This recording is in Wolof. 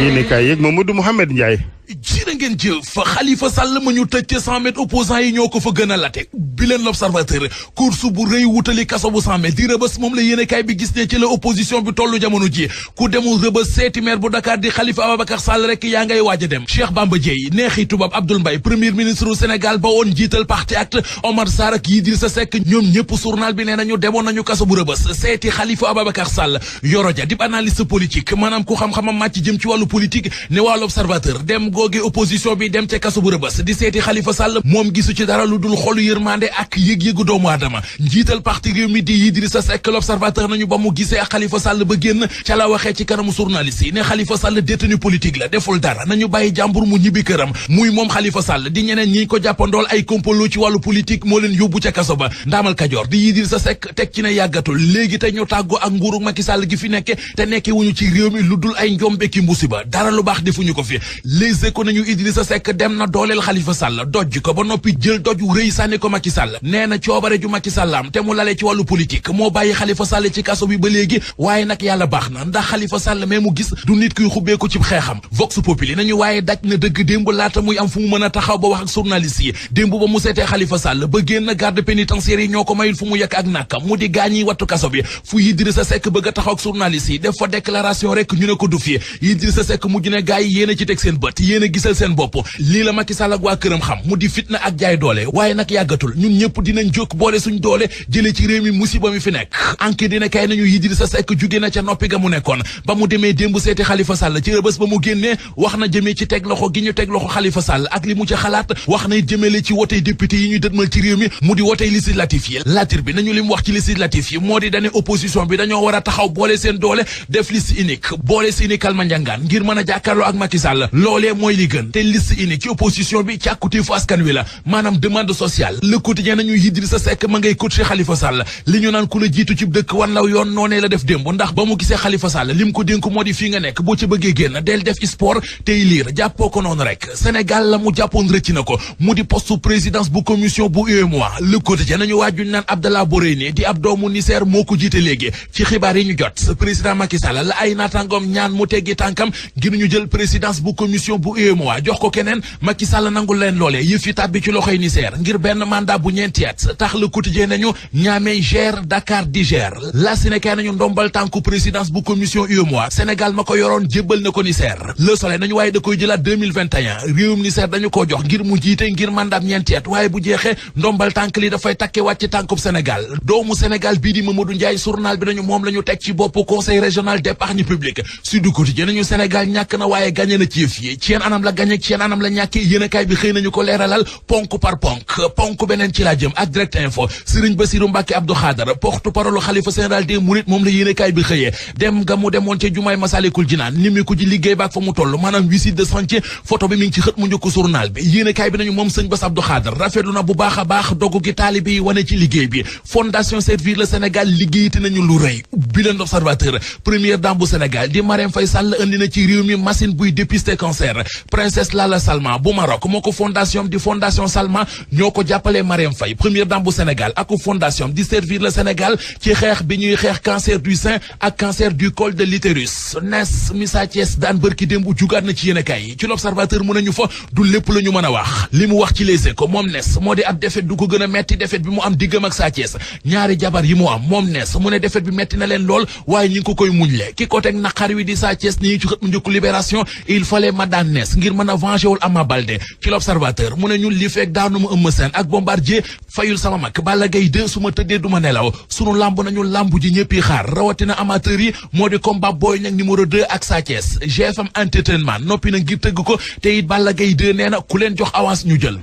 yéen kaay yeeg Mamadou Mouhamed Ndiaye. ngeen jëf Khalifa Sall ma ñu tëj ca cent mètres opposants yi ñoo ko fa gën a late bi l'observateur course bu rëy wutali kaso bu cent di rëbës moom la yéenekaay bi gis ne ci la opposition bi tollu jamono ji ku demul rëbës seeti maire bu Dakar di Khalifa Ababacar Sall rek yaa ngay waaj a dem Cheikh Bamba Dièye neexi tubaab Abdoul Mbaye premier ministre Sénégal ba woon jiital parti acte Omar Sarr ak Idrissa Seck ñoom ñëpp journal bi nee nañu demoon nañu kaso bu rëbës opposition bi dem ca kaso bu rëbës di seeti Khalifa Sall moom gisu ci dara lu dul xolu yërmande ak yëg-yëgu doomu aadama njiital parti réew mi di Idrissa Seck l'observateur nañu ba mu gisee ak Khalifa Sall ba génn ca la waxee ci kanamu journaliste yi ne Khalifa Sall détenu politique la deful dara nañu bàyyi jàmbur mu ñibbi këram muy moom Khalifa Sall di ñeneen ñi ko jàppandool ay complot ci wàllu politique moo leen yóbbu ca kaso ba ndaamal Kajoor di Idrissa Seck teg ci ne yàggatul léegi te ñu tàggu ak nguuru Sall gi fi nekke te nekke wuñu ci réew mi lu dul ay njombe ki mbusi ba dara lu baax defuñu ko fi Idrissa Seck dem na dooleel Khalifa Sall doj ko ba noppi jël doj wu rëy sànni ko Macky Sall nee na coobare ju Macky Sall am te mu lale ci wàllu politique moo bàyyi Khalifa Sall ci kaso bi ba léegi waaye nag yàlla baax na ndax Khalifa Sall mais mu gis du nit kuy xubbeeku ci xeexam vox populi nañu waaye daj na dëgg démb laata muy am fu mu mën a taxaw ba wax ak journaliste yi démb ba mu seetee Khalifa Sall ba génn garde pénitentiaire yi ñoo ko mayul fu mu yekk ak a taxaw ak journaliste yi def fa déclaration rek ñu ko du fi Idrissa Seck bopp lii la Macky Sall ak waa këram xam mu di fitna ak jaay doole waaye nag yàggatul ñun ñëpp dinañ jóg boole suñ doole jëlee ci réew mi musiba mi fi nekk enquête dina kay nañu Idrissa Seck jóge na ca noppi ga mu nekkoon ba mu demee démb seeti Khalifa Sall ci rëbës ba mu génnee wax na jëmee ci teg loxo gi ñu teg loxo Khalifa Sall ak li mu ci xalaat wax na jëmale ci wotey député yi ñu dëtmal ci réew mi mu di wotey li mu wax yi moo bi dañoo a a li liste unique ci opposition bi càkkutéefu askan wi la maanaam demande sociale le quotidien nañu Idrissa Seck ma ngay coacher Khalifa Sall li ñu naan ku la jiitu ci dëkk wan yoon noonee def démb ndax ba mu gisee Khalifa Sall li ko dénk moo di fii nga nekk boo ci bëggee génn del def sport tey liir jàppoo ko noonu rek Sénégal la mu jàppoon rëcc na ko mu di poste présidence bu commission bu UEMOA le quotidien nañu waajuñ naan Abdallah Boreyni di ab doomu ko keneen Macky Sall nangul leen loolee yëf yi tàbbi ci loxoy Niger ngir benn mandat bu ñeenti at tax Le Quotidien nañu ñaamey gère Dakar digère la Sénégal nañu ndombal tànku présidence bu commission UEMOA Sénégal ma ko yoroon jébbal na ko Niger Le Soleil nañu waaye da koy jëlaat 2021 réewum Niger dañu ko jox ngir mu jiite ngir mandat ñeenti at waaye bu jeexee ndombal tànk li dafay takke wàcc tànkub Sénégal doomu Sénégal bii di Mamadou Ndiaye journal bi nañu moom la ñu teg ci bopp conseil régional d'épargne publique Sud ñàkk na waaye gagné na ci yëf ci yanaanam la ñàkkee yéenekaay bi xëy nañu ko leeralal ponk par ponk ponk beneen ci laa jëm ak direct info Serigne Bassirou Mbacké Abdou Khadre porte-parole xalifa général de mu njëkk moom Serigne Bass Abdou Khadre na bu baax baax dogu gi taalibe wane ci liggéey bi fondation Servir le Sénégal liggéeyati nañu lu rëy bi leen observateur première dame bu Sénégal di Marème Faye Sall indi na ci réew mi machine buy dépister cancer princesse la Salma bon Maroc moko fondation di fondation Salma ñoko ko Mariam marie première dame bu Sénégal ak fondation di servir le Sénégal ci xeex bi ñuy cancer du sein ak cancer du col de l'utérus n'est Missa Thiès daan bërki démb jugaat na ci yene kay. ci l'observateur mën ñu fa du lepp la ñu mën wax Limu wax ci les échos mom Ness modi di ab du ko gëna metti defet bi mu am digëm ak Sa Thiès ñaari jabar yi mu am mom Ness mu né defet bi metti na len lool waye ñing ko koy muñlé. ki ko teg nakar wi di Sa ni ci xët mu libération il fallait madame daan nes ngir mëna vengé wul Ama Baldé ci l'observateur mu ne ñun li fekk daanu ma Eumeu Sène ak Bombardier fayul sama mag Balla Gaye 2 su ma tëddee du ma nelaw sunu lamb nañu lamb ji ñëppi xaar rawatina amateur yi moo di combat booy Niang numéro 2 ak Sa Thiès GFM entertainment noppi na ngir tëgg ko te it Balla Gaye 2 nee na ku leen jox avance ñu jël